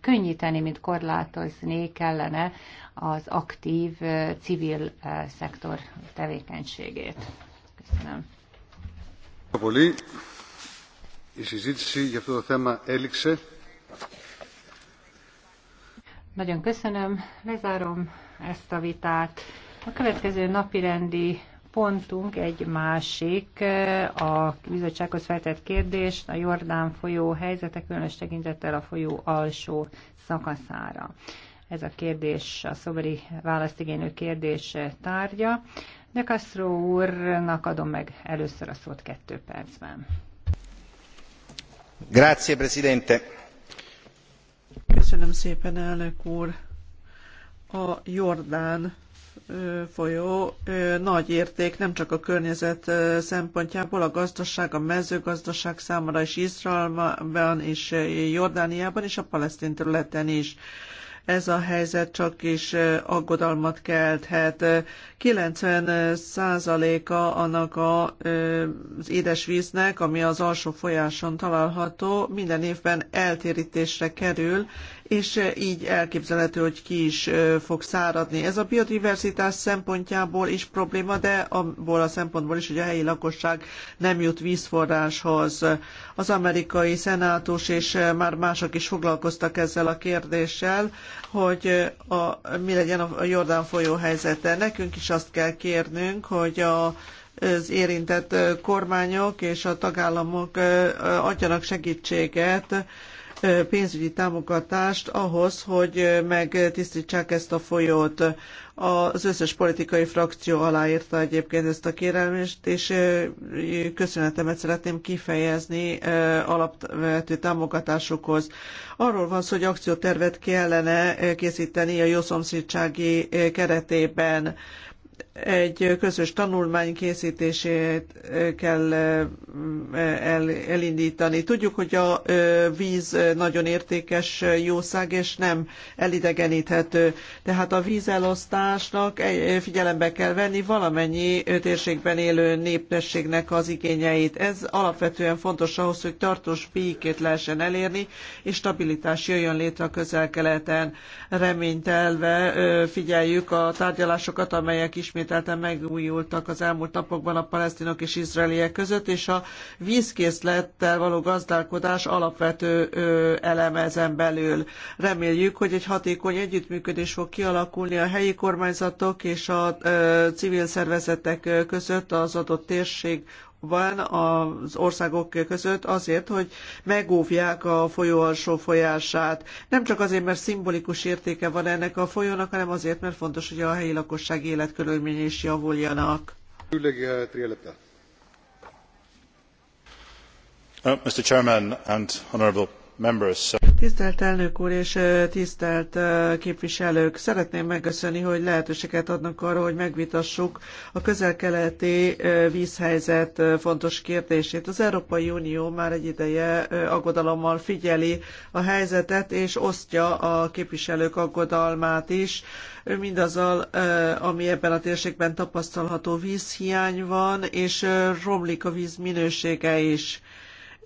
könnyíteni, mint korlátozni kellene az aktív civil szektor tevékenységét. Köszönöm. Πολύ. Η συζήτηση για αυτό το θέμα έληξε. Nagyon köszönöm, lezárom ezt a vitát. A következő napirendi pontunk egy másik, eh, a bizottsághoz feltett kérdés, a Jordán folyó helyzete, különös tekintettel a folyó alsó szakaszára. Ez a kérdés a szobori választigénő kérdés tárgya. De Castro úrnak adom meg először a szót kettő percben. Grazie, Presidente. Köszönöm szépen, elnök úr. A Jordán folyó nagy érték nem csak a környezet szempontjából, a gazdaság, a mezőgazdaság számára is Izraelben és Jordániában és a palesztin területen is ez a helyzet csak is aggodalmat kelthet. 90 százaléka annak a, az édesvíznek, ami az alsó folyáson található, minden évben eltérítésre kerül, és eh, így elképzelhető, hogy ki is eh, fog száradni. Ez a biodiverzitás szempontjából is probléma, de abból a szempontból is, hogy a helyi lakosság nem jut vízforráshoz. Az amerikai szenátus és eh, már mások is foglalkoztak ezzel a kérdéssel, hogy a, mi legyen a Jordán folyó helyzete. Nekünk is azt kell kérnünk, hogy a az érintett kormányok és a tagállamok adjanak segítséget pénzügyi támogatást ahhoz, hogy megtisztítsák ezt a folyót. Az összes politikai frakció aláírta egyébként ezt a kérelmést, és köszönetemet szeretném kifejezni alapvető támogatásokhoz. Arról van szó, hogy akciótervet kellene készíteni a jószomszédsági keretében egy közös tanulmány készítését kell elindítani. Tudjuk, hogy a víz nagyon értékes jószág, és nem elidegeníthető. Tehát a vízelosztásnak figyelembe kell venni valamennyi térségben élő népességnek az igényeit. Ez alapvetően fontos ahhoz, hogy tartós békét lehessen elérni, és stabilitás jöjjön létre a közel-keleten. Reménytelve figyeljük a tárgyalásokat, amelyek ismét ismételten megújultak az elmúlt napokban a palesztinok és izraeliek között, és a vízkészlettel való gazdálkodás alapvető eleme ezen belül. Reméljük, hogy egy hatékony együttműködés fog kialakulni a helyi kormányzatok és a civil szervezetek között az adott térség van az országok között azért, hogy megóvják a folyó alsó folyását. Nem csak azért, mert szimbolikus értéke van ennek a folyónak, hanem azért, mert fontos, hogy a helyi lakosság életkörülményei is javuljanak. Uh, Mr. Chairman and honourable Tisztelt elnök úr és tisztelt képviselők! Szeretném megköszönni, hogy lehetőséget adnak arra, hogy megvitassuk a közel-keleti vízhelyzet fontos kérdését. Az Európai Unió már egy ideje aggodalommal figyeli a helyzetet, és osztja a képviselők aggodalmát is, mindazzal, ami ebben a térségben tapasztalható vízhiány van, és romlik a víz minősége is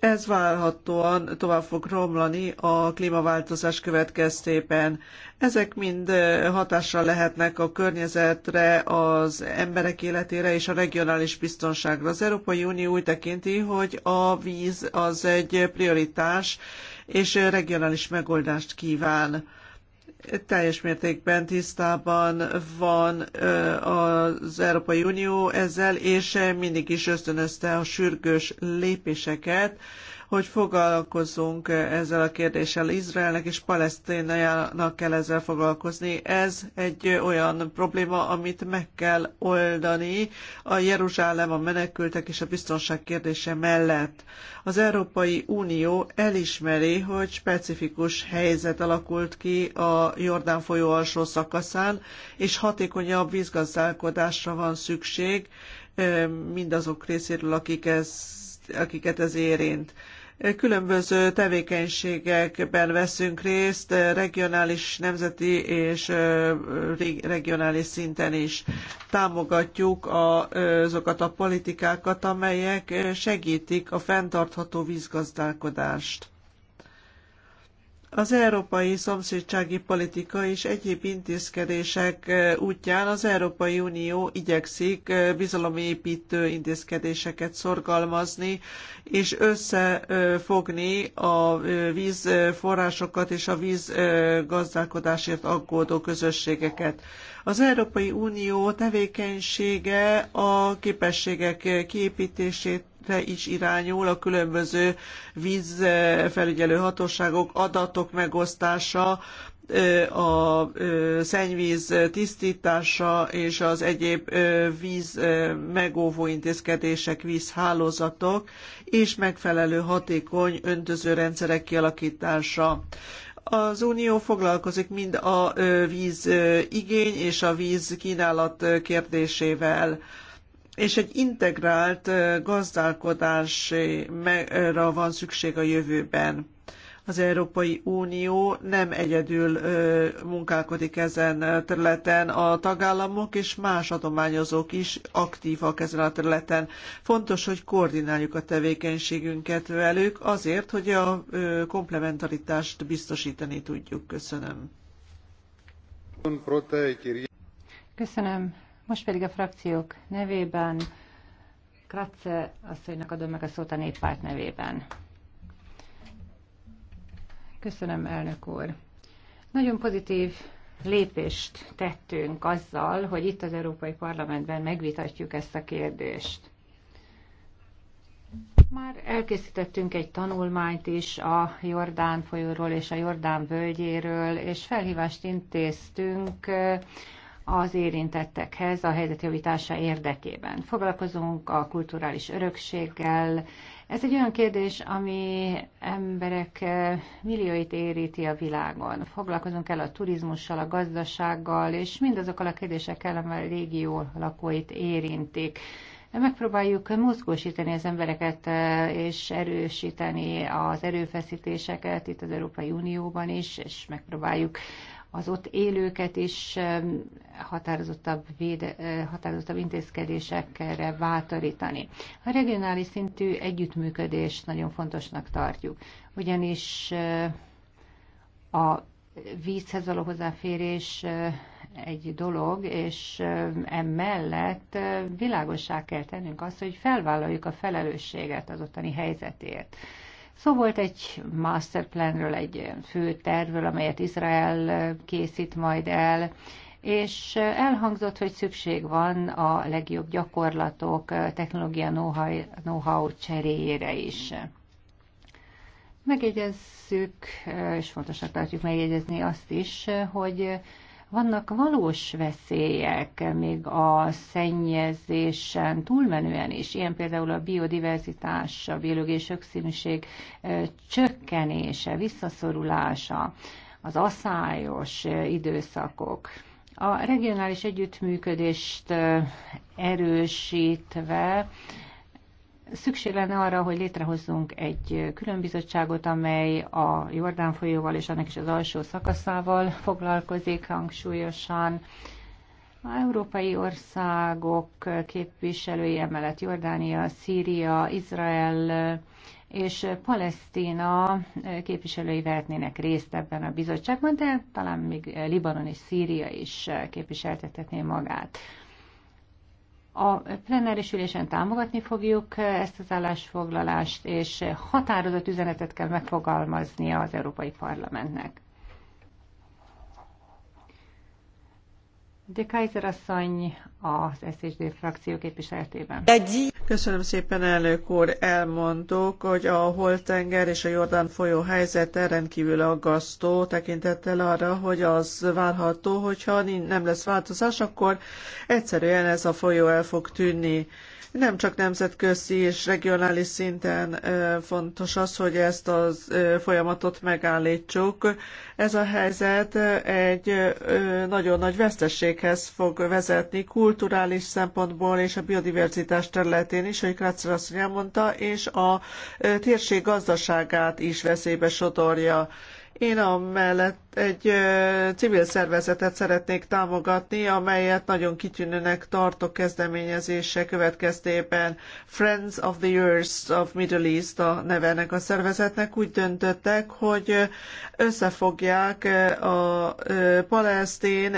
ez várhatóan tovább fog romlani a klímaváltozás következtében. Ezek mind hatással lehetnek a környezetre, az emberek életére és a regionális biztonságra. Az Európai Unió úgy tekinti, hogy a víz az egy prioritás, és regionális megoldást kíván teljes mértékben tisztában van az Európai Unió ezzel, és mindig is ösztönözte a sürgős lépéseket, hogy foglalkozzunk eh, ezzel a kérdéssel. Izraelnek és Palesztinának kell ezzel foglalkozni. Ez egy eh, olyan probléma, amit meg kell oldani a Jeruzsálem, a menekültek és a biztonság kérdése mellett. Az Európai Unió elismeri, hogy specifikus helyzet alakult ki a Jordán folyó alsó szakaszán, és hatékonyabb vízgazdálkodásra van szükség eh, mindazok részéről, akik ez, akiket ez érint. Különböző tevékenységekben veszünk részt, regionális, nemzeti és regionális szinten is. Támogatjuk azokat a politikákat, amelyek segítik a fenntartható vízgazdálkodást. Az európai szomszédsági politika és egyéb intézkedések útján az Európai Unió igyekszik bizalomépítő intézkedéseket szorgalmazni és összefogni a vízforrásokat és a vízgazdálkodásért aggódó közösségeket. Az Európai Unió tevékenysége a képességek kiépítését is irányul a különböző vízfelügyelő hatóságok adatok megosztása, a szennyvíz tisztítása és az egyéb víz megóvó intézkedések, vízhálózatok és megfelelő hatékony öntöző rendszerek kialakítása. Az Unió foglalkozik mind a víz igény és a víz kínálat kérdésével és egy integrált gazdálkodásra van szükség a jövőben. Az Európai Unió nem egyedül munkálkodik ezen területen, a tagállamok és más adományozók is aktívak ezen a területen. Fontos, hogy koordináljuk a tevékenységünket velük azért, hogy a komplementaritást biztosítani tudjuk. Köszönöm. Köszönöm. Most pedig a frakciók nevében Kratze asszonynak adom meg a szót a néppárt nevében. Köszönöm, elnök úr. Nagyon pozitív lépést tettünk azzal, hogy itt az Európai Parlamentben megvitatjuk ezt a kérdést. Már elkészítettünk egy tanulmányt is a Jordán folyóról és a Jordán völgyéről, és felhívást intéztünk az érintettekhez a helyzetjavítása érdekében. Foglalkozunk a kulturális örökséggel. Ez egy olyan kérdés, ami emberek eh, millióit éríti a világon. Foglalkozunk el a turizmussal, a gazdasággal, és mindazokkal a kérdésekkel, amely a régió lakóit érintik. Megpróbáljuk mozgósítani az embereket, eh, és erősíteni az erőfeszítéseket itt az Európai Unióban is, és megpróbáljuk az ott élőket is határozottabb, véde, eh, határozottabb intézkedésekre bátorítani. A regionális szintű együttműködést nagyon fontosnak tartjuk, ugyanis eh, a vízhez való hozzáférés eh, egy dolog, és emellett világossá kell tennünk azt, hogy felvállaljuk a felelősséget az ottani helyzetért. Szó volt egy masterplanről, egy fő tervről, amelyet Izrael készít majd el, és elhangzott, hogy szükség van a legjobb gyakorlatok, technológia know-how cseréjére is. Megjegyezzük, és fontosnak tartjuk megjegyezni azt is, hogy vannak valós veszélyek, még a szennyezésen túlmenően is, ilyen például a biodiverzitás, a biológiai sokszínűség csökkenése, visszaszorulása, az aszályos időszakok. A regionális együttműködést erősítve Szükség lenne arra, hogy létrehozzunk egy külön bizottságot, amely a Jordán folyóval és annak is az alsó szakaszával foglalkozik hangsúlyosan. A európai országok képviselői emellett Jordánia, Szíria, Izrael és Palesztina képviselői vehetnének részt ebben a bizottságban, de talán még Libanon és Szíria is képviseltethetné magát. A plenáris ülésen támogatni fogjuk ezt az állásfoglalást, és határozott üzenetet kell megfogalmaznia az Európai Parlamentnek. De Kaiser asszony az SZSD frakció képviseletében. Köszönöm szépen, elnök úr. Elmondok, hogy a Holtenger és a Jordán folyó helyzete rendkívül aggasztó tekintettel arra, hogy az várható, hogyha nem lesz változás, akkor egyszerűen ez a folyó el fog tűnni nem csak nemzetközi és regionális szinten fontos az, hogy ezt a folyamatot megállítsuk. Ez a helyzet egy nagyon nagy vesztességhez fog vezetni kulturális szempontból és a biodiverzitás területén is, ahogy Krácer asszony elmondta, és a térség gazdaságát is veszélybe sodorja. Én amellett egy civil szervezetet szeretnék támogatni, amelyet nagyon kitűnőnek tartok kezdeményezése következtében. Friends of the Earth of Middle East a nevenek a szervezetnek. Úgy döntöttek, hogy összefogják a palesztin,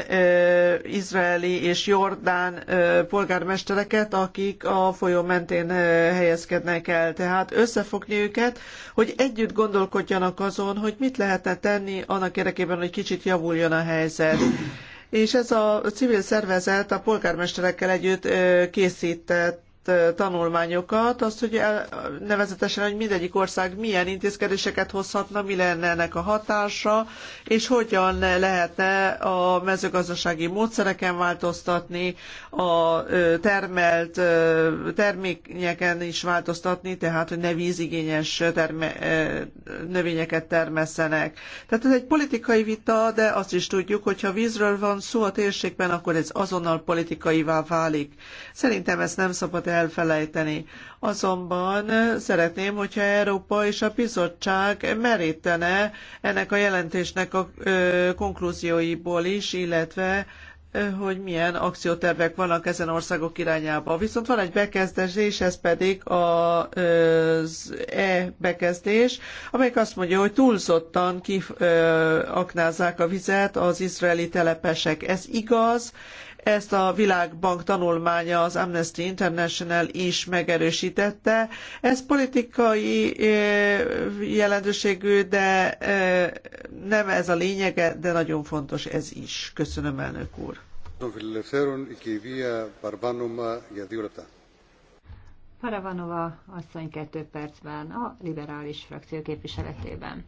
izraeli és jordán polgármestereket, akik a folyó mentén helyezkednek el. Tehát összefogni őket, hogy együtt gondolkodjanak azon, hogy mit lehetne tenni annak érdekében, érdekében, hogy kicsit javuljon a helyzet. És ez a civil szervezet a polgármesterekkel együtt készített tanulmányokat, azt, hogy el, nevezetesen, hogy mindegyik ország milyen intézkedéseket hozhatna, mi lenne ennek a hatása, és hogyan lehetne a mezőgazdasági módszereken változtatni, a termelt terményeken is változtatni, tehát, hogy ne vízigényes terme, növényeket termesszenek. Tehát ez egy politikai vita, de azt is tudjuk, hogy ha vízről van szó a térségben, akkor ez azonnal politikaivá válik. Szerintem ezt nem szabad el elfelejteni. Azonban szeretném, hogyha Európa és a bizottság merítene ennek a jelentésnek a konklúzióiból is, illetve hogy milyen akciótervek vannak ezen országok irányába. Viszont van egy bekezdés, ez pedig az E bekezdés, amelyik azt mondja, hogy túlzottan kiaknázzák a vizet az izraeli telepesek. Ez igaz, ezt a Világbank tanulmánya az Amnesty International is megerősítette. Ez politikai eh, jelentőségű, de eh, nem ez a lényege, de nagyon fontos ez is. Köszönöm, elnök úr. Paravanova asszony kettő percben a liberális frakció képviseletében.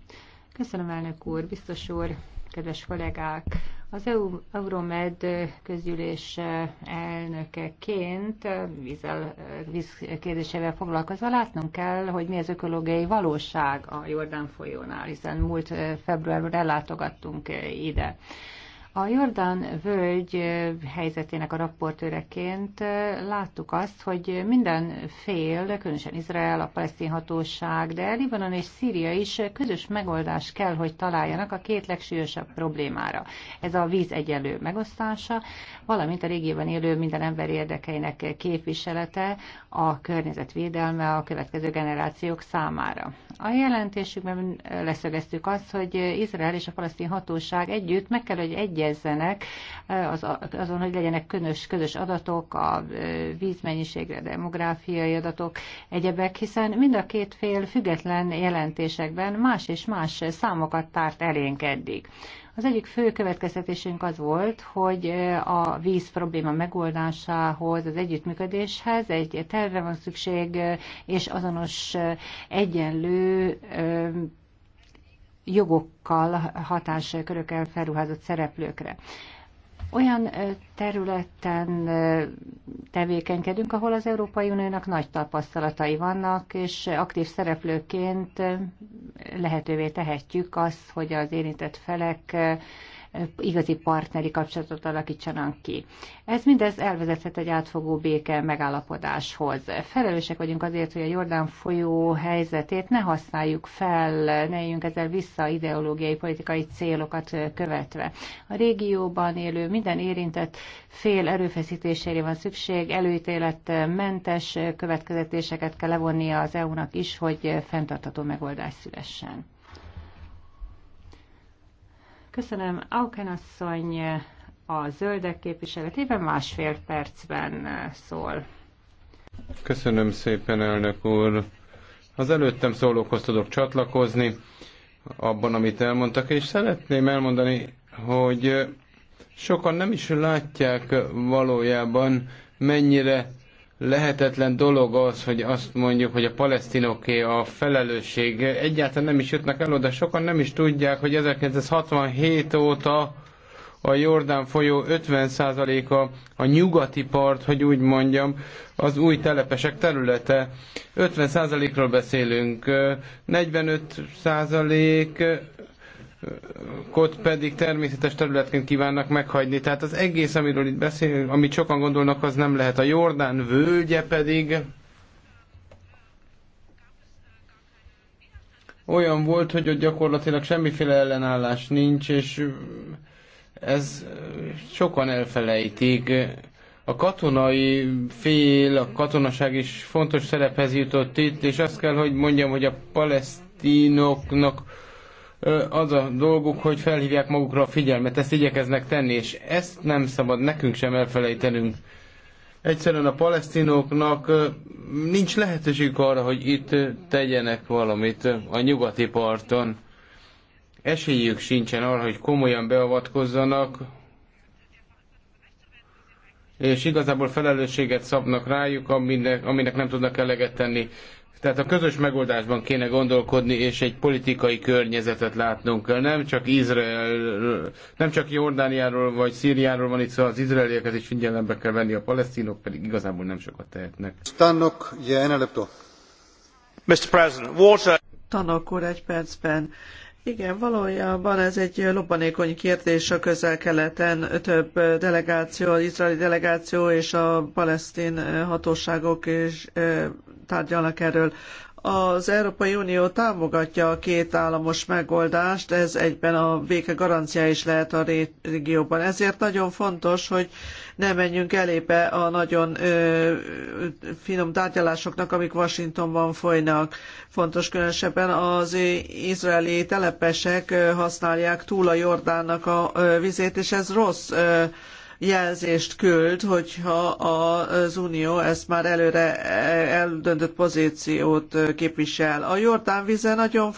Köszönöm, elnök úr, biztos úr, kedves kollégák! Az EU, Euromed közgyűlés elnökeként vízzel, víz kérdésével foglalkozva látnunk kell, hogy mi az ökológiai valóság a Jordán folyónál, hiszen múlt februárban ellátogattunk ide. A Jordán völgy helyzetének a rapportőreként láttuk azt, hogy minden fél, különösen Izrael, a palesztin hatóság, de Libanon és Szíria is közös megoldást kell, hogy találjanak a két legsúlyosabb problémára. Ez a víz egyenlő megosztása, valamint a régióban élő minden ember érdekeinek képviselete, a környezetvédelme a következő generációk számára. A jelentésükben leszögeztük azt, hogy Izrael és a palesztin hatóság együtt meg kell, hogy egy egyezzenek, eh, az, azon, hogy legyenek közös, közös adatok, a eh, vízmennyiségre, demográfiai adatok, egyebek, hiszen mind a két fél független jelentésekben más és más számokat tárt elénk eddig. Az egyik fő következtetésünk az volt, hogy eh, a víz probléma megoldásához, az együttműködéshez egy terve van szükség, és azonos egyenlő jogokkal, hatáskörökkel felruházott szereplőkre. Olyan területen tevékenykedünk, ahol az Európai Uniónak nagy tapasztalatai vannak, és aktív szereplőként lehetővé tehetjük azt, hogy az érintett felek igazi partneri kapcsolatot alakítsanak ki. Ez mindez elvezethet egy átfogó béke megállapodáshoz. Felelősek vagyunk azért, hogy a Jordán folyó helyzetét ne használjuk fel, ne éljünk ezzel vissza ideológiai, politikai célokat követve. A régióban élő minden érintett fél erőfeszítésére van szükség, előítéletmentes következetéseket kell levonnia az EU-nak is, hogy fenntartható megoldás szülessen. Köszönöm. Auken asszony a zöldek képviseletében másfél percben szól. Köszönöm szépen, elnök úr. Az előttem szólókhoz tudok csatlakozni abban, amit elmondtak, és szeretném elmondani, hogy sokan nem is látják valójában, mennyire lehetetlen dolog az, hogy azt mondjuk, hogy a palesztinoké a felelősség. Egyáltalán nem is jutnak el oda, sokan nem is tudják, hogy 1967 óta a Jordán folyó 50%-a a nyugati part, hogy úgy mondjam, az új telepesek területe. 50%-ról beszélünk, 45% kot pedig természetes területként kívánnak meghagyni. Tehát az egész, amiről itt beszélünk, amit sokan gondolnak, az nem lehet. A Jordán völgye pedig olyan volt, hogy ott gyakorlatilag semmiféle ellenállás nincs, és ez sokan elfelejtik. A katonai fél, a katonaság is fontos szerephez jutott itt, és azt kell, hogy mondjam, hogy a palesztinoknak az a dolguk, hogy felhívják magukra a figyelmet, ezt igyekeznek tenni, és ezt nem szabad nekünk sem elfelejtenünk. Egyszerűen a palesztinoknak nincs lehetőségük arra, hogy itt tegyenek valamit a nyugati parton. Esélyük sincsen arra, hogy komolyan beavatkozzanak, és igazából felelősséget szabnak rájuk, aminek, aminek nem tudnak eleget tenni. Tehát a közös megoldásban kéne gondolkodni, és egy politikai környezetet látnunk kell. Nem csak Izrael, nem csak Jordániáról vagy Szíriáról van itt szó, szóval az izraelieket is figyelembe kell venni, a palesztinok pedig igazából nem sokat tehetnek. Stannok, je, Mr. President, water... Tanok úr, egy percben. Igen, valójában ez egy lobbanékony kérdés a közel-keleten. Több delegáció, az izraeli delegáció és a palesztin hatóságok is tárgyalnak erről. Az Európai Unió támogatja a két államos megoldást, ez egyben a béke garancia is lehet a régióban. Ezért nagyon fontos, hogy ne menjünk elébe a nagyon ö, finom tárgyalásoknak, amik Washingtonban folynak. Fontos különösebben az izraeli telepesek használják túl a Jordánnak a vizét, és ez rossz. Ö, jelzést küld, hogyha az Unió ezt már előre eldöntött pozíciót képvisel. A Jordán vize nagyon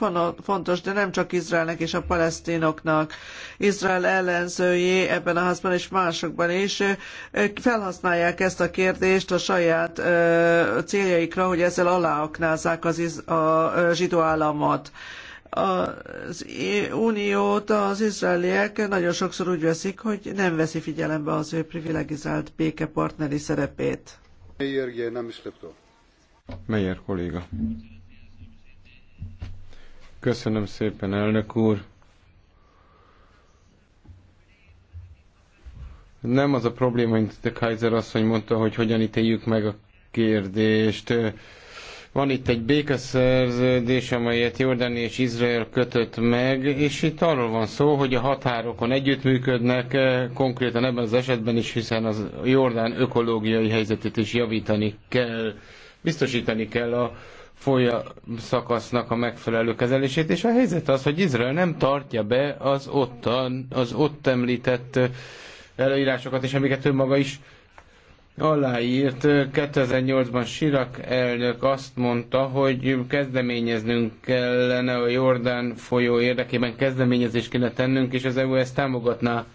fontos, de nem csak Izraelnek és a palesztinoknak. Izrael ellenzői ebben a házban és másokban is felhasználják ezt a kérdést a saját céljaikra, hogy ezzel aláaknázzák az, a zsidó államot az uniót az izraeliek nagyon sokszor úgy veszik, hogy nem veszi figyelembe az ő privilegizált békepartneri szerepét. Meyer, nem is Meyer kolléga. Köszönöm szépen, elnök úr. Nem az a probléma, mint a Kaiser asszony mondta, hogy hogyan ítéljük meg a kérdést van itt egy békeszerződés, amelyet Jordánia és Izrael kötött meg, és itt arról van szó, hogy a határokon együttműködnek, eh, konkrétan ebben az esetben is, hiszen az Jordán ökológiai helyzetét is javítani kell, biztosítani kell a folya szakasznak a megfelelő kezelését, és a helyzet az, hogy Izrael nem tartja be az, ottan, az ott említett eh, előírásokat, és amiket ő maga is aláírt 2008-ban Sirak elnök azt mondta, hogy kezdeményeznünk kellene a Jordán folyó érdekében kezdeményezést kéne tennünk, és az EU ezt támogatná.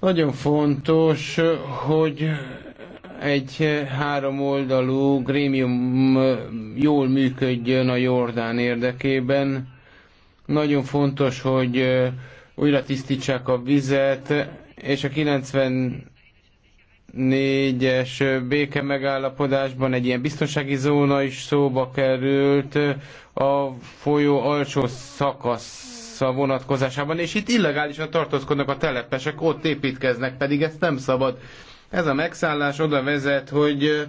Nagyon fontos, hogy egy háromoldalú grémium jól működjön a Jordán érdekében. Nagyon fontos, hogy újra tisztítsák a vizet, és a 90 négyes béke megállapodásban egy ilyen biztonsági zóna is szóba került a folyó alsó szakasza vonatkozásában, és itt illegálisan tartózkodnak a telepesek, ott építkeznek, pedig ezt nem szabad. Ez a megszállás oda vezet, hogy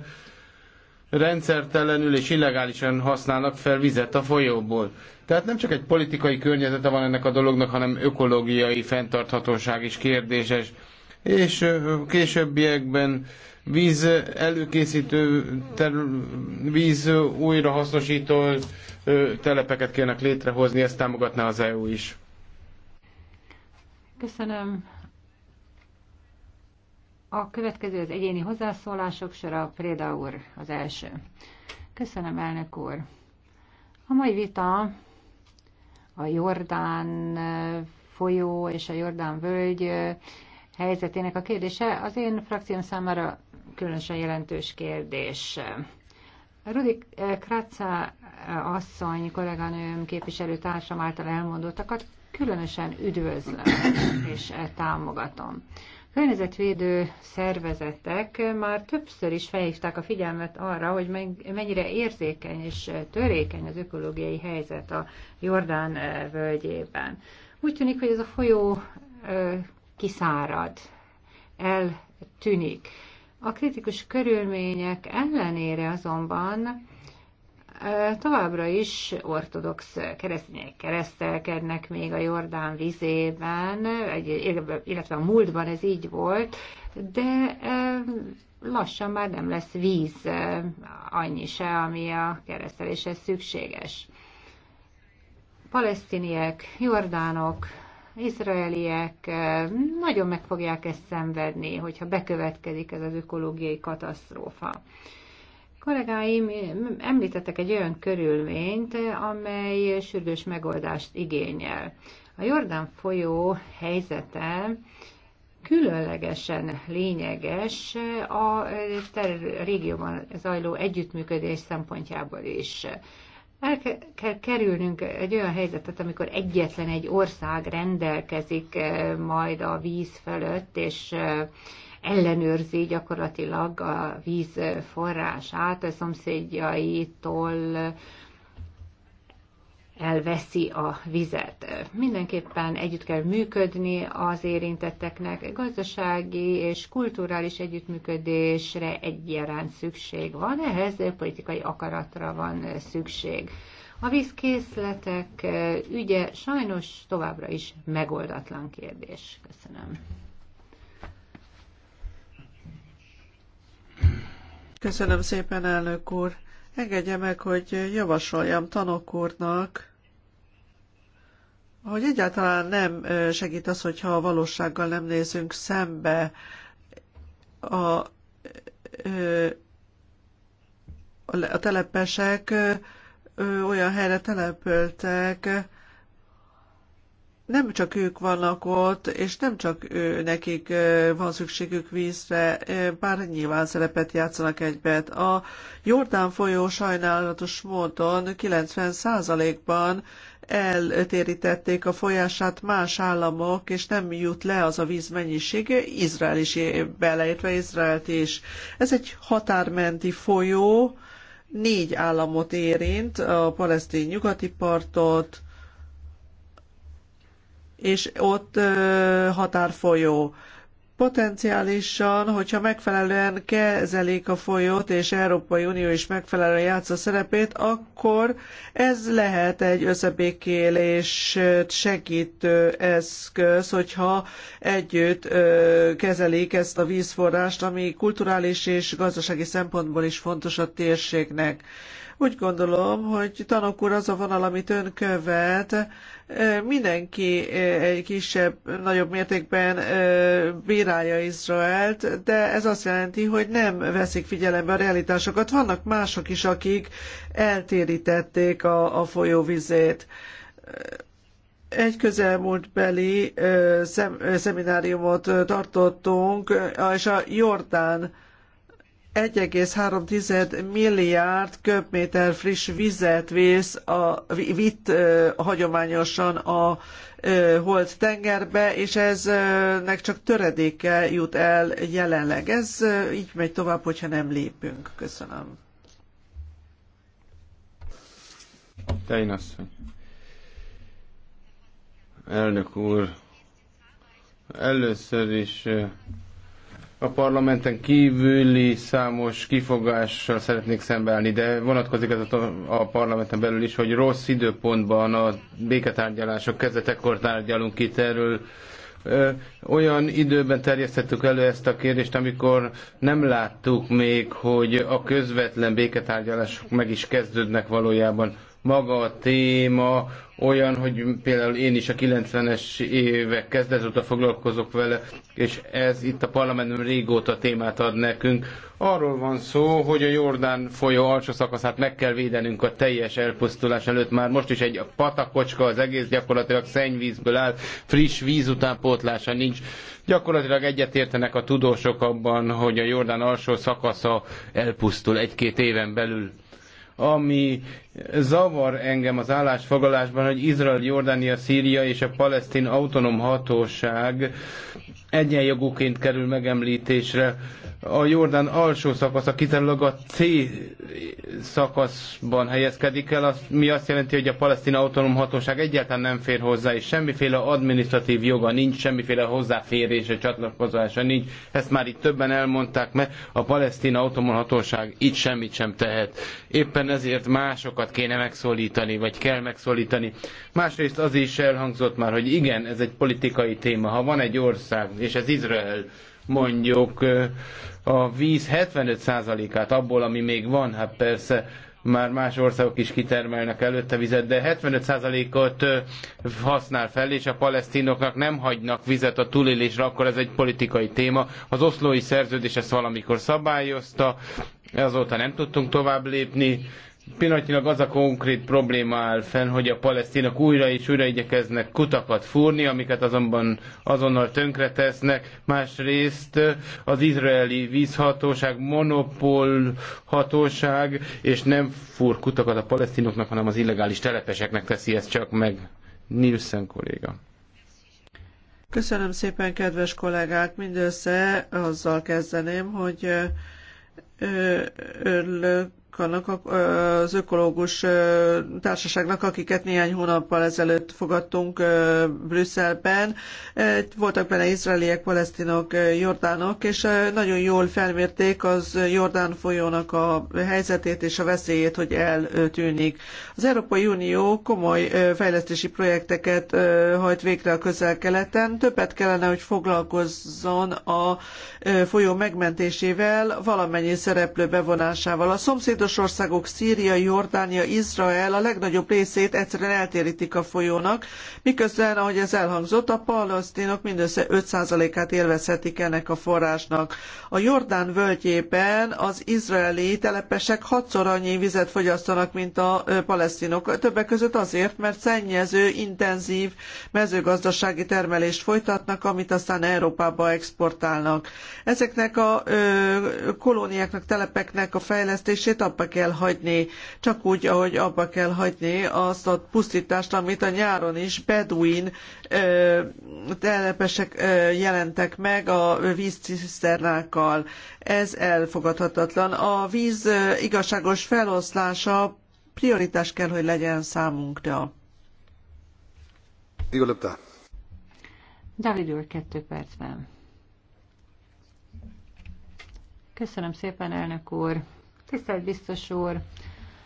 rendszertelenül és illegálisan használnak fel vizet a folyóból. Tehát nem csak egy politikai környezete van ennek a dolognak, hanem ökológiai fenntarthatóság is kérdéses és későbbiekben víz előkészítő, terül, víz újrahasznosító telepeket kérnek létrehozni, ezt támogatná az EU is. Köszönöm. A következő az egyéni hozzászólások sora, Préda úr az első. Köszönöm, elnök úr. A mai vita a Jordán folyó és a Jordán völgy helyzetének a kérdése az én frakcióm számára különösen jelentős kérdés. Rudik Kratza asszony, kolléganőm, képviselőtársam által elmondottakat különösen üdvözlöm és támogatom. Környezetvédő szervezetek már többször is felhívták a figyelmet arra, hogy mennyire érzékeny és törékeny az ökológiai helyzet a Jordán eh, völgyében. Úgy tűnik, hogy ez a folyó eh, kiszárad, eltűnik. A kritikus körülmények ellenére azonban továbbra is ortodox keresztények keresztelkednek még a Jordán vizében, illetve a múltban ez így volt, de lassan már nem lesz víz annyi se, ami a kereszteléshez szükséges. Palesztiniek, jordánok, izraeliek eh, nagyon meg fogják ezt szenvedni, hogyha bekövetkezik ez az ökológiai katasztrófa. Kollégáim említettek egy olyan körülményt, amely sürgős megoldást igényel. A Jordán folyó helyzete különlegesen lényeges a régióban zajló együttműködés szempontjából is. El kell kerülnünk egy olyan helyzetet, amikor egyetlen egy ország rendelkezik eh, majd a víz fölött, és eh, ellenőrzi gyakorlatilag a víz forrását a szomszédjaitól elveszi a vizet. Mindenképpen együtt kell működni az érintetteknek, gazdasági és kulturális együttműködésre egyaránt szükség van, ehhez politikai akaratra van szükség. A vízkészletek ügye sajnos továbbra is megoldatlan kérdés. Köszönöm. Köszönöm szépen, elnök úr. Engedje meg, hogy javasoljam tanok úrnak, hogy egyáltalán nem segít az, hogyha a valósággal nem nézünk szembe a, a telepesek olyan helyre települtek, nem csak ők vannak ott, és nem csak ő, nekik van szükségük vízre, bár nyilván szerepet játszanak egybet. A Jordán folyó sajnálatos módon 90%-ban eltérítették a folyását más államok, és nem jut le az a víz mennyisége, Izrael is beleértve Izraelt is. Ez egy határmenti folyó, négy államot érint, a palesztin nyugati partot, és ott határfolyó potenciálisan, hogyha megfelelően kezelik a folyót, és Európai Unió is megfelelően játsza szerepét, akkor ez lehet egy összebékélés segítő eszköz, hogyha együtt kezelik ezt a vízforrást, ami kulturális és gazdasági szempontból is fontos a térségnek. Úgy gondolom, hogy tanok úr az a vonal, amit ön követ, mindenki egy kisebb, nagyobb mértékben bírálja Izraelt, de ez azt jelenti, hogy nem veszik figyelembe a realitásokat. Vannak mások is, akik eltérítették a, a folyóvizét egy közelmúltbeli szem, szemináriumot tartottunk, és a Jordán 1,3 milliárd köbméter friss vizet vész a, vitt hagyományosan a holt tengerbe, és eznek csak töredéke jut el jelenleg. Ez így megy tovább, hogyha nem lépünk. Köszönöm. Tein Elnök úr, először is a parlamenten kívüli számos kifogással szeretnék szembeállni, de vonatkozik ez a, a parlamenten belül is, hogy rossz időpontban a béketárgyalások kezdetekor tárgyalunk itt erről. Olyan időben terjesztettük elő ezt a kérdést, amikor nem láttuk még, hogy a közvetlen béketárgyalások meg is kezdődnek valójában maga a téma olyan, hogy például én is a 90-es évek kezdetőt foglalkozok vele, és ez itt a parlamentben régóta témát ad nekünk. Arról van szó, hogy a Jordán folyó alsó szakaszát meg kell védenünk a teljes elpusztulás előtt. Már most is egy patakocska az egész gyakorlatilag szennyvízből áll, friss víz utánpótlása nincs. Gyakorlatilag egyetértenek a tudósok abban, hogy a Jordán alsó szakasza elpusztul egy-két éven belül ami zavar engem az állásfoglalásban, hogy Izrael, Jordánia, Szíria és a palesztin autonóm hatóság egyenjogúként kerül megemlítésre a Jordán alsó szakasza kizárólag a C szakaszban helyezkedik el, az, mi azt jelenti, hogy a palesztin autonóm hatóság egyáltalán nem fér hozzá, és semmiféle adminisztratív joga nincs, semmiféle hozzáférése, csatlakozása nincs. Ezt már itt többen elmondták, mert a palesztin autonóm hatóság itt semmit sem tehet. Éppen ezért másokat kéne megszólítani, vagy kell megszólítani. Másrészt az is elhangzott már, hogy igen, ez egy politikai téma. Ha van egy ország, és ez Izrael, mondjuk a víz 75%-át abból, ami még van, hát persze már más országok is kitermelnek előtte vizet, de 75%-ot használ fel, és a palesztinoknak nem hagynak vizet a túlélésre, akkor ez egy politikai téma. Az oszlói szerződés ezt valamikor szabályozta, azóta nem tudtunk tovább lépni, Pillanatnyilag az a konkrét probléma áll fenn, hogy a palesztinok újra és újra igyekeznek kutakat fúrni, amiket azonban azonnal tönkretesznek. Másrészt az izraeli vízhatóság, monopól hatóság, és nem fúr kutakat a palesztinoknak, hanem az illegális telepeseknek teszi ezt csak meg. Nielsen kolléga. Köszönöm szépen, kedves kollégák! Mindössze azzal kezdeném, hogy örülök annak az ökológus társaságnak, akiket néhány hónappal ezelőtt fogadtunk Brüsszelben. Voltak benne izraeliek, palesztinok, jordánok, és nagyon jól felmérték az Jordán folyónak a helyzetét és a veszélyét, hogy eltűnik. Az Európai Unió komoly fejlesztési projekteket hajt végre a közel-keleten. Többet kellene, hogy foglalkozzon a folyó megmentésével valamennyi szereplő bevonásával. A szomszédos országok Szíria, Jordánia, Izrael a legnagyobb részét egyszerűen eltérítik a folyónak, miközben, ahogy ez elhangzott, a palesztinok mindössze 5%-át élvezhetik ennek a forrásnak. A Jordán völgyében az izraeli telepesek hatszor annyi vizet fogyasztanak, mint a palesztinok. Többek között azért, mert szennyező, intenzív mezőgazdasági termelést folytatnak, amit aztán Európába exportálnak. Ezeknek a kolóniák gyáraknak, telepeknek a fejlesztését abba kell hagyni. Csak úgy, ahogy abba kell hagyni azt a pusztítást, amit a nyáron is beduin ö, telepesek ö, jelentek meg a vízciszternákkal. Ez elfogadhatatlan. A víz ö, igazságos feloszlása prioritás kell, hogy legyen számunkra. David úr, kettő percben. Köszönöm szépen, elnök úr. Tisztelt biztos úr,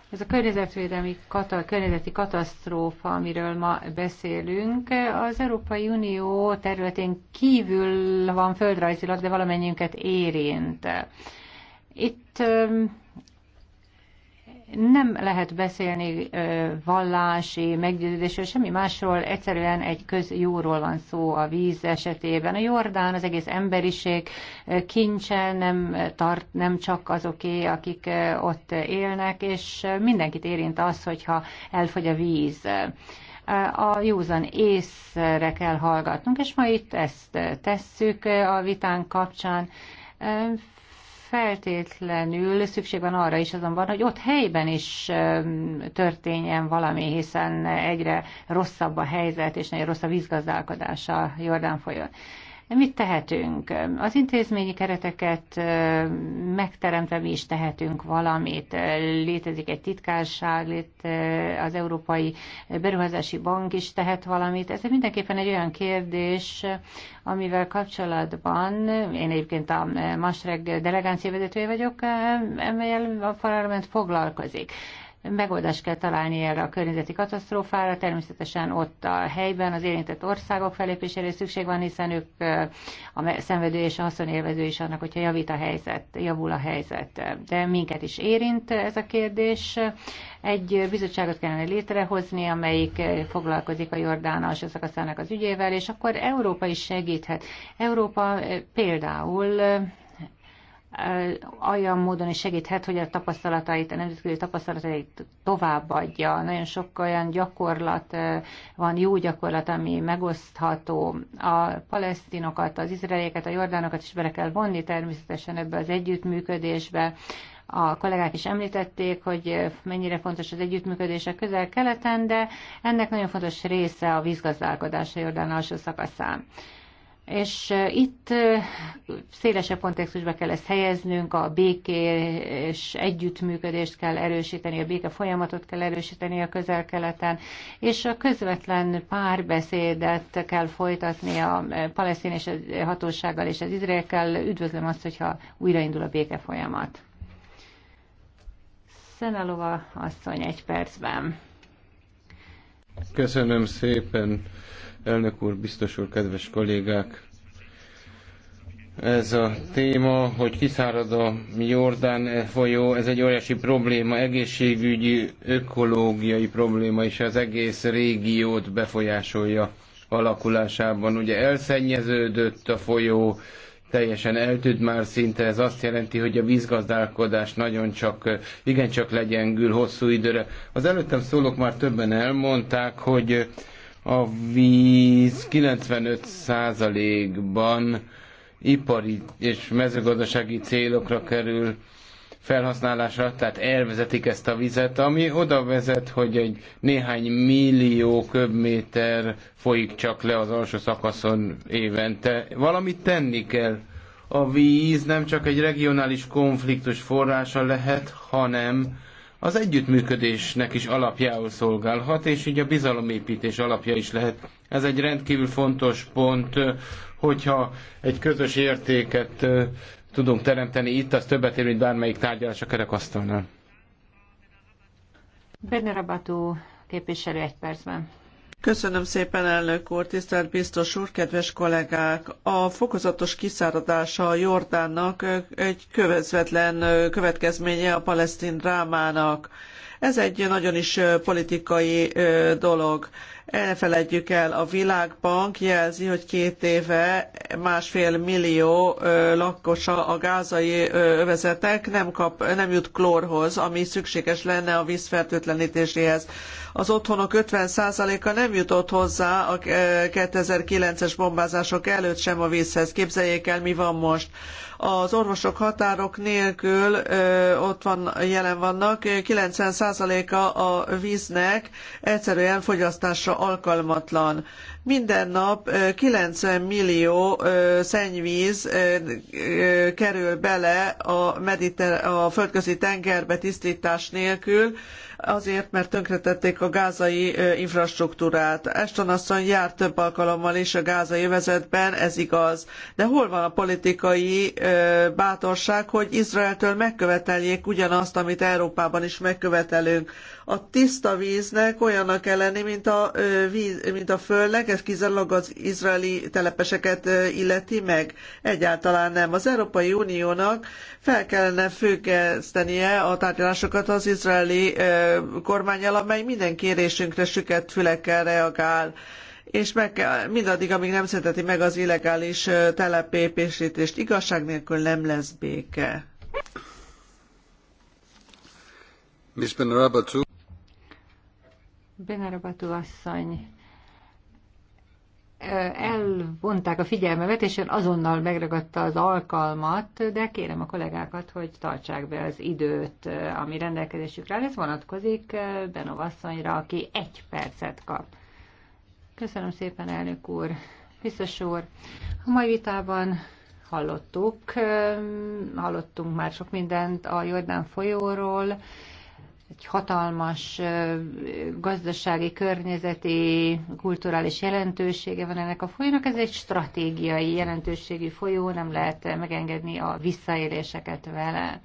ez a környezetvédelmi kata, környezeti katasztrófa, amiről ma beszélünk, az Európai Unió területén kívül van földrajzilag, de valamennyiünket érint. Itt nem lehet beszélni vallási, meggyőződésről, semmi másról, egyszerűen egy közjóról van szó a víz esetében. A Jordán, az egész emberiség kincse nem, tart, nem csak azoké, akik ott élnek, és mindenkit érint az, hogyha elfogy a víz a józan észre kell hallgatnunk, és ma itt ezt tesszük a vitán kapcsán feltétlenül szükség van arra is azonban, hogy ott helyben is történjen valami, hiszen egyre rosszabb a helyzet, és nagyon rossz a vízgazdálkodás a Jordán folyón. Mit tehetünk? Az intézményi kereteket megteremtve mi is tehetünk valamit. Létezik egy titkárság, az Európai Beruházási Bank is tehet valamit. Ez mindenképpen egy olyan kérdés, amivel kapcsolatban én egyébként a Masreg delegáció vezetője vagyok, amelyel a parlament foglalkozik. Megoldást kell találni erre a környezeti katasztrófára, természetesen ott a helyben az érintett országok felépésére szükség van, hiszen ők a szenvedő és a haszonélvező is annak, hogyha javít a helyzet, javul a helyzet. De minket is érint ez a kérdés. Egy bizottságot kellene létrehozni, amelyik foglalkozik a Jordán alsó szakaszának az ügyével, és akkor Európa is segíthet. Európa például olyan módon is segíthet, hogy a tapasztalatait, a nemzetközi tapasztalatait továbbadja. Nagyon sok olyan gyakorlat van, jó gyakorlat, ami megosztható. A palesztinokat, az izraelieket, a jordánokat is bele kell vonni természetesen ebbe az együttműködésbe. A kollégák is említették, hogy mennyire fontos az együttműködés a közel-keleten, de ennek nagyon fontos része a vízgazdálkodás a Jordán alsó szakaszán. És itt szélesebb kontextusba kell ezt helyeznünk, a békés és együttműködést kell erősíteni, a béke folyamatot kell erősíteni a közel-keleten, és a közvetlen párbeszédet kell folytatni a palesztin és a hatósággal és az Izraelkel. Üdvözlöm azt, hogyha újraindul a béke folyamat. Szenelova asszony egy percben. Köszönöm szépen. Elnök úr, biztos úr, kedves kollégák! Ez a téma, hogy kiszárad a Jordán folyó, ez egy óriási probléma, egészségügyi, ökológiai probléma, és az egész régiót befolyásolja alakulásában. Ugye elszennyeződött a folyó, teljesen eltűnt már szinte, ez azt jelenti, hogy a vízgazdálkodás nagyon csak, igencsak legyengül hosszú időre. Az előttem szólók már többen elmondták, hogy a víz 95%-ban ipari és mezőgazdasági célokra kerül felhasználásra, tehát elvezetik ezt a vizet, ami oda vezet, hogy egy néhány millió köbméter folyik csak le az alsó szakaszon évente. Valamit tenni kell. A víz nem csak egy regionális konfliktus forrása lehet, hanem az együttműködésnek is alapjául szolgálhat, és így a bizalomépítés alapja is lehet. Ez egy rendkívül fontos pont, hogyha egy közös értéket tudunk teremteni itt, az többet ér, mint bármelyik tárgyalás a kerekasztalnál. Benne Rabató képviselő egy percben. Köszönöm szépen, elnök úr, tisztelt biztos úr, kedves kollégák! A fokozatos kiszáradása a Jordánnak egy közvetlen következménye a palesztin drámának ez egy nagyon is politikai dolog. Elfeledjük el, a Világbank jelzi, hogy két éve másfél millió lakosa a gázai övezetnek nem, kap, nem jut klórhoz, ami szükséges lenne a víz Az otthonok 50%-a nem jutott hozzá a 2009-es bombázások előtt sem a vízhez. Képzeljék el, mi van most az orvosok határok nélkül ott van, jelen vannak, 90%-a a víznek egyszerűen fogyasztásra alkalmatlan. Minden nap 90 millió szennyvíz kerül bele a, mediter- a földközi tengerbe tisztítás nélkül, azért, mert tönkretették a gázai infrastruktúrát. Eston asszony járt több alkalommal is a gázai övezetben, ez igaz. De hol van a politikai bátorság, hogy Izraeltől megköveteljék ugyanazt, amit Európában is megkövetelünk? A tiszta víznek olyannak kell lenni, mint a, víz, mint a földnek, ez kizárólag az izraeli telepeseket illeti meg? Egyáltalán nem. Az Európai Uniónak fel kellene függesztenie a tárgyalásokat az izraeli kormányjal, amely minden kérésünkre süket fülekkel reagál és meg kell, mindaddig, amíg nem szünteti meg az illegális telepépésítést, igazság nélkül nem lesz béke. Miss Benarabatu. Benarabatu asszony elvonták a figyelmemet, és én azonnal megragadta az alkalmat, de kérem a kollégákat, hogy tartsák be az időt, ami rendelkezésükre áll. Ez vonatkozik eh, Beno asszonyra, aki egy percet kap. Köszönöm szépen, elnök úr. Biztos úr, a mai vitában hallottuk, eh, hallottunk már sok mindent a Jordán folyóról, egy hatalmas gazdasági, környezeti, kulturális jelentősége van ennek a folyónak. Ez egy stratégiai jelentőségű folyó, nem lehet megengedni a visszaéléseket vele.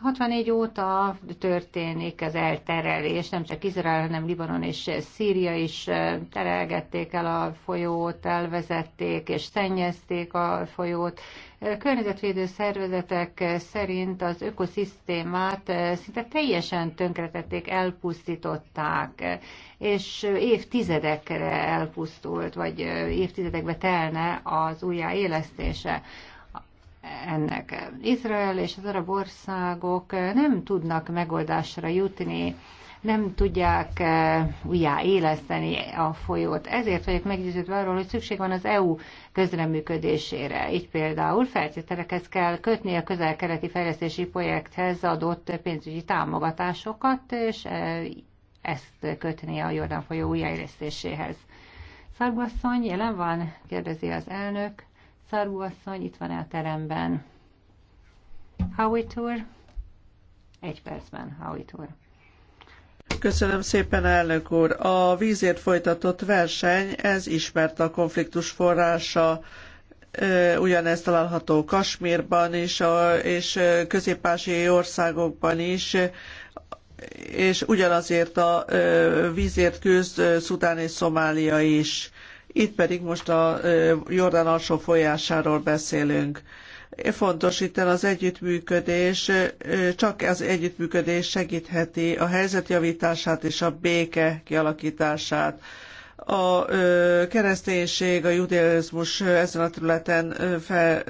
64 óta történik az elterelés, nem csak Izrael, hanem Libanon és Szíria is terelgették el a folyót, elvezették és szennyezték a folyót. Környezetvédő szervezetek szerint az ökoszisztémát szinte teljesen tönkretették, elpusztították, és évtizedekre elpusztult, vagy évtizedekbe telne az újjáélesztése ennek. Izrael és az arab országok nem tudnak megoldásra jutni, nem tudják eh, újjá éleszteni a folyót. Ezért vagyok meggyőződve arról, hogy szükség van az EU közreműködésére. Így például feltételekhez kell kötni a közel-keleti fejlesztési projekthez adott pénzügyi támogatásokat, és eh, ezt kötni a Jordán folyó újjáélesztéséhez. Szarbasszony, jelen van? kérdezi az elnök. Szarú asszony itt van -e a teremben. Howitt úr. Egy percben, Howitt úr. Köszönöm szépen, elnök úr. A vízért folytatott verseny, ez ismert a konfliktus forrása ugyanezt található Kasmírban is, és középási országokban is, és ugyanazért a vízért küzd Szudán és Szomália is itt pedig most a Jordán alsó folyásáról beszélünk. Fontos itt az együttműködés, csak az együttműködés segítheti a helyzet javítását és a béke kialakítását a kereszténység, a judaizmus ezen a területen fel,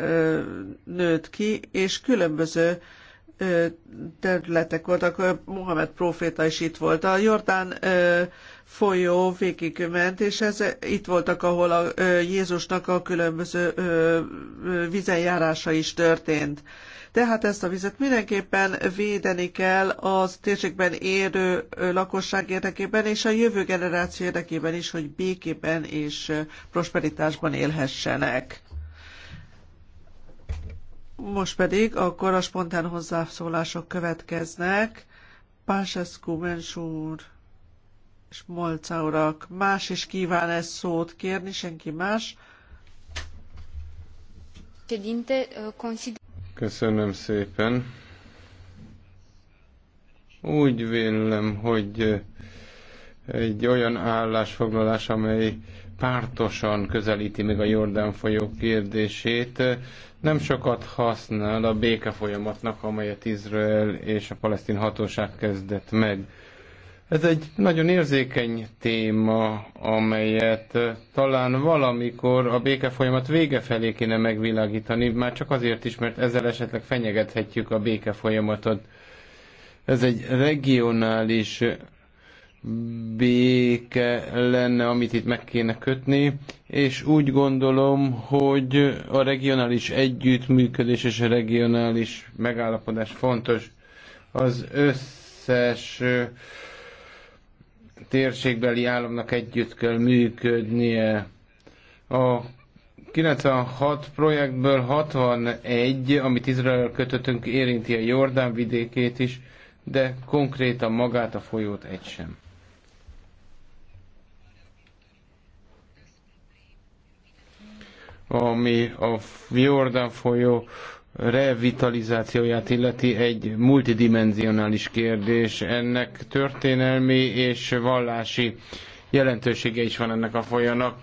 nőtt ki, és különböző területek voltak, Mohamed proféta is itt volt. A Jordán folyó végigment, és ez, itt voltak, ahol a Jézusnak a különböző vizenjárása is történt. Tehát ezt a vizet mindenképpen védeni kell az térségben érő lakosság érdekében, és a jövő generáció érdekében is, hogy békében és prosperitásban élhessenek. Most pedig akkor a spontán hozzászólások következnek. Pásescu Mensúr és Molca urak. Más is kíván ezt szót kérni, senki más. Eh, Köszönöm szépen. Úgy vélem, hogy eh, egy olyan állásfoglalás, amely pártosan közelíti meg a Jordán folyó kérdését. Nem sokat használ a béke folyamatnak, amelyet Izrael és a palesztin hatóság kezdett meg. Ez egy nagyon érzékeny téma, amelyet talán valamikor a béke folyamat vége felé kéne megvilágítani, már csak azért is, mert ezzel esetleg fenyegethetjük a béke folyamatot. Ez egy regionális béke lenne, amit itt meg kéne kötni, és úgy gondolom, hogy a regionális együttműködés és a regionális megállapodás fontos. Az összes térségbeli államnak együtt kell működnie. A 96 projektből 61, amit Izrael kötöttünk, érinti a Jordán vidékét is, de konkrétan magát a folyót egy sem. ami a Jordan folyó revitalizációját illeti egy multidimensionális kérdés. Ennek történelmi és vallási jelentősége is van ennek a folyónak.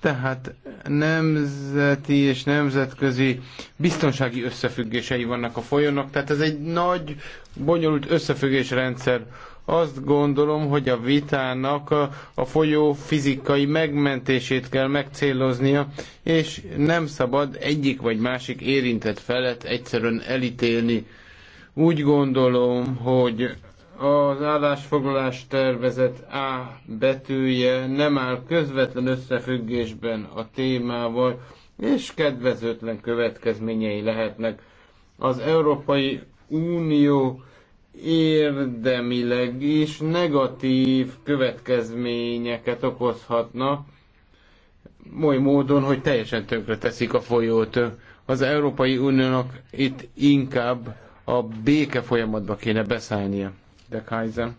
Tehát nemzeti és nemzetközi biztonsági összefüggései vannak a folyónak, tehát ez egy nagy, bonyolult összefüggésrendszer. Azt gondolom, hogy a vitának a, a folyó fizikai megmentését kell megcéloznia, és nem szabad egyik vagy másik érintett felet egyszerűen elítélni. Úgy gondolom, hogy az állásfoglalás tervezet A betűje nem áll közvetlen összefüggésben a témával, és kedvezőtlen következményei lehetnek. Az Európai Unió érdemileg is negatív következményeket okozhatna, oly módon, hogy teljesen tönkre teszik a folyót. Az Európai Uniónak itt inkább a béke folyamatba kéne beszállnia. De Kaiser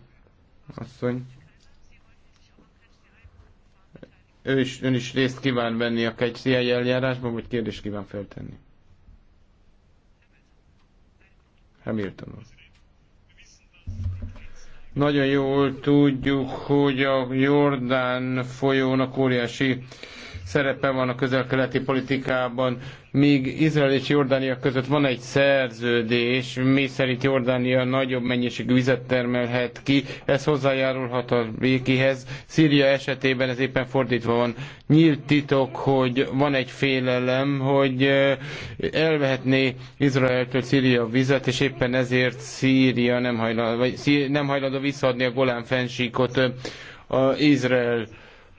asszony. Ő is, ön is részt kíván venni a kegyszia eljárásban, vagy kérdést kíván feltenni? Hamilton úr. Nagyon jól tudjuk, hogy a Jordán folyónak óriási szerepe van a közel-keleti politikában, míg Izrael és Jordánia között van egy szerződés, mi szerint Jordánia nagyobb mennyiségű vizet termelhet ki, ez hozzájárulhat a békihez. Szíria esetében ez éppen fordítva van. Nyílt titok, hogy van egy félelem, hogy eh, elvehetné Izraeltől Szíria vizet, és éppen ezért Szíria nem hajlandó, vagy nem hajlandó visszaadni a Golán fensíkot eh, az Izrael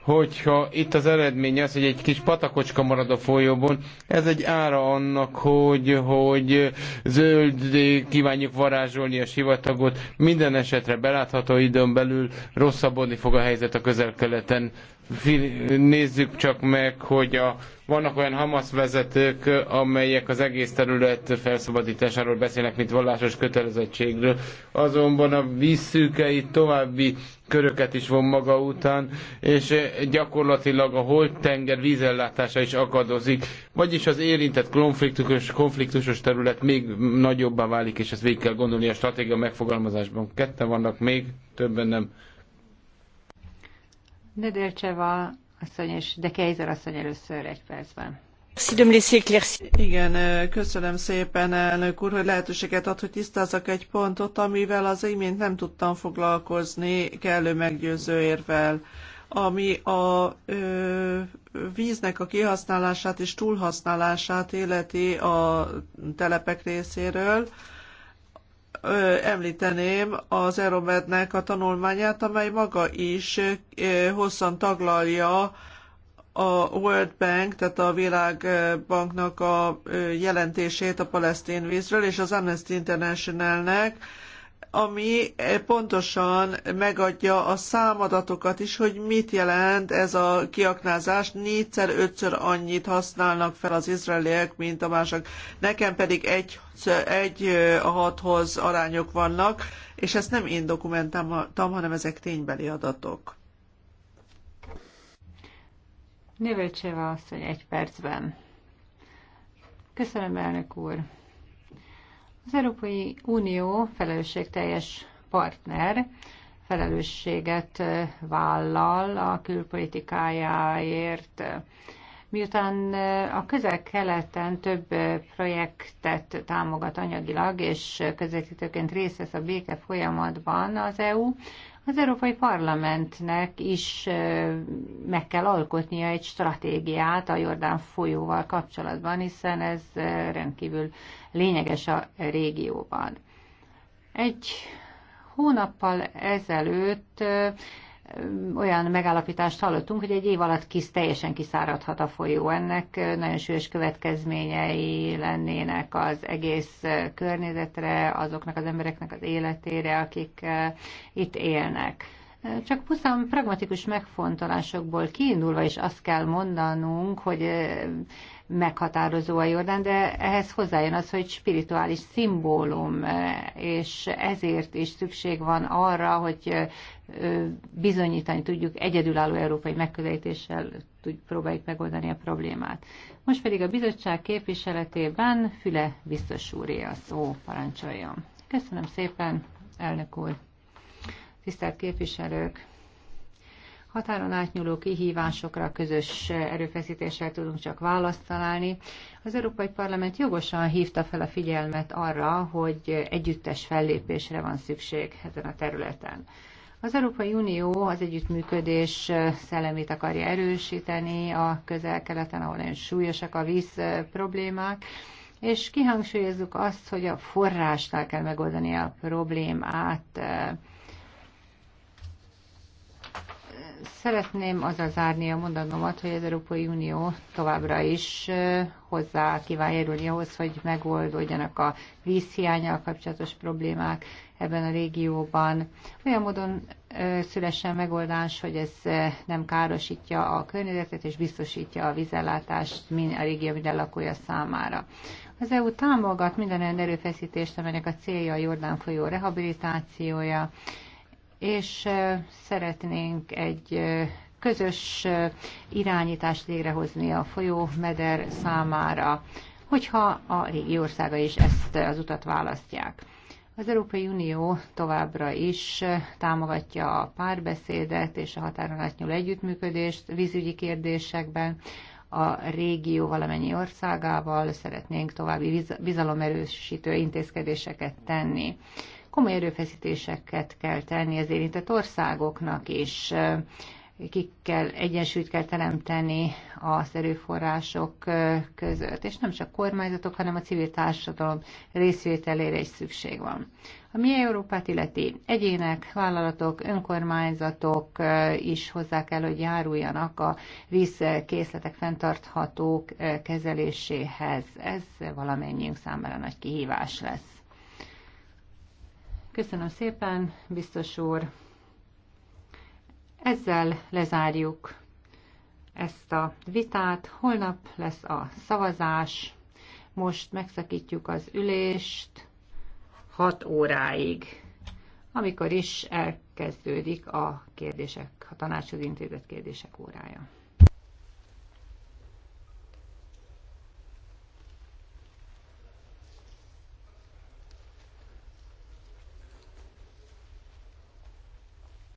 hogyha itt az eredmény az, hogy egy kis patakocska marad a folyóban, ez egy ára annak, hogy, hogy zöld kívánjuk varázsolni a sivatagot, minden esetre belátható időn belül rosszabbodni fog a helyzet a közel-keleten. Nézzük csak meg, hogy a vannak olyan Hamas vezetők, amelyek az egész terület felszabadításáról beszélnek, mint vallásos kötelezettségről. Azonban a vízszűkei további köröket is von maga után, és gyakorlatilag a holttenger vízellátása is akadozik, vagyis az érintett konfliktusos, konfliktusos terület még nagyobbá válik, és ezt végig kell gondolni a stratégia megfogalmazásban. Ketten vannak még, többen nem. Nedelcseval asszony, és de Kejzer asszony először egy percben. Igen, köszönöm szépen, elnök úr, hogy lehetőséget ad, hogy tisztázzak egy pontot, amivel az imént nem tudtam foglalkozni kellő meggyőző érvel ami a ö, víznek a kihasználását és túlhasználását életi a telepek részéről, említeném az Eromednek a tanulmányát, amely maga is hosszan taglalja a World Bank, tehát a Világbanknak a jelentését a palesztin vízről, és az Amnesty Internationalnek ami eh, pontosan megadja a számadatokat is, hogy mit jelent ez a kiaknázás. Négyszer, ötször annyit használnak fel az izraeliek, mint a mások. Nekem pedig egy, egy eh, a hathoz arányok vannak, és ezt nem én dokumentáltam, hanem ezek ténybeli adatok. Növelcseva asszony egy percben. Köszönöm, elnök úr. Az Európai Unió felelősségteljes partner, felelősséget vállal a külpolitikájáért. Miután a közel-keleten több projektet támogat anyagilag, és közvetítőként részt vesz a béke folyamatban az EU, az Európai Parlamentnek is meg kell alkotnia egy stratégiát a Jordán folyóval kapcsolatban, hiszen ez rendkívül lényeges a régióban. Egy hónappal ezelőtt olyan megállapítást hallottunk, hogy egy év alatt kis teljesen kiszáradhat a folyó. Ennek nagyon súlyos következményei lennének az egész környezetre, azoknak az embereknek az életére, akik itt élnek. Csak pusztán pragmatikus megfontolásokból kiindulva is azt kell mondanunk, hogy meghatározó a Jordán, de ehhez hozzájön az, hogy spirituális szimbólum, e, és ezért is szükség van arra, hogy e, bizonyítani tudjuk, egyedülálló európai megközelítéssel próbáljuk megoldani a problémát. Most pedig a bizottság képviseletében Füle biztos úré a szó, parancsoljon. Köszönöm szépen, elnök úr. Tisztelt képviselők! határon átnyúló kihívásokra közös erőfeszítéssel tudunk csak választ találni. Az Európai Parlament jogosan hívta fel a figyelmet arra, hogy együttes fellépésre van szükség ezen a területen. Az Európai Unió az együttműködés szellemét akarja erősíteni a közel-keleten, ahol nagyon súlyosak a víz problémák, és kihangsúlyozzuk azt, hogy a forrásnál kell megoldani a problémát, Szeretném azzal zárni a mondanomat, hogy az Európai Unió továbbra is hozzá kíván járulni ahhoz, hogy megoldódjanak a vízhiányjal kapcsolatos problémák ebben a régióban. Olyan módon szülessen megoldás, hogy ez nem károsítja a környezetet és biztosítja a vízellátást a régió minden lakója számára. Az EU támogat minden olyan erőfeszítést, amelynek a célja a Jordán folyó rehabilitációja, és szeretnénk egy közös irányítást végrehozni a folyó meder számára, hogyha a régi országa is ezt az utat választják. Az Európai Unió továbbra is támogatja a párbeszédet és a határon átnyúló együttműködést vízügyi kérdésekben. A régió valamennyi országával szeretnénk további bizalomerősítő intézkedéseket tenni komoly erőfeszítéseket kell tenni az érintett országoknak és kikkel kell, egyensúlyt kell teremteni az erőforrások között, és nem csak kormányzatok, hanem a civil társadalom részvételére is szükség van. A mi Európát illeti egyének, vállalatok, önkormányzatok is hozzá kell, hogy járuljanak a vízkészletek fenntarthatók kezeléséhez. Ez valamennyiünk számára nagy kihívás lesz. Köszönöm szépen, biztos úr. Ezzel lezárjuk ezt a vitát. Holnap lesz a szavazás. Most megszakítjuk az ülést 6 óráig, amikor is elkezdődik a kérdések, a tanácshoz intézett kérdések órája.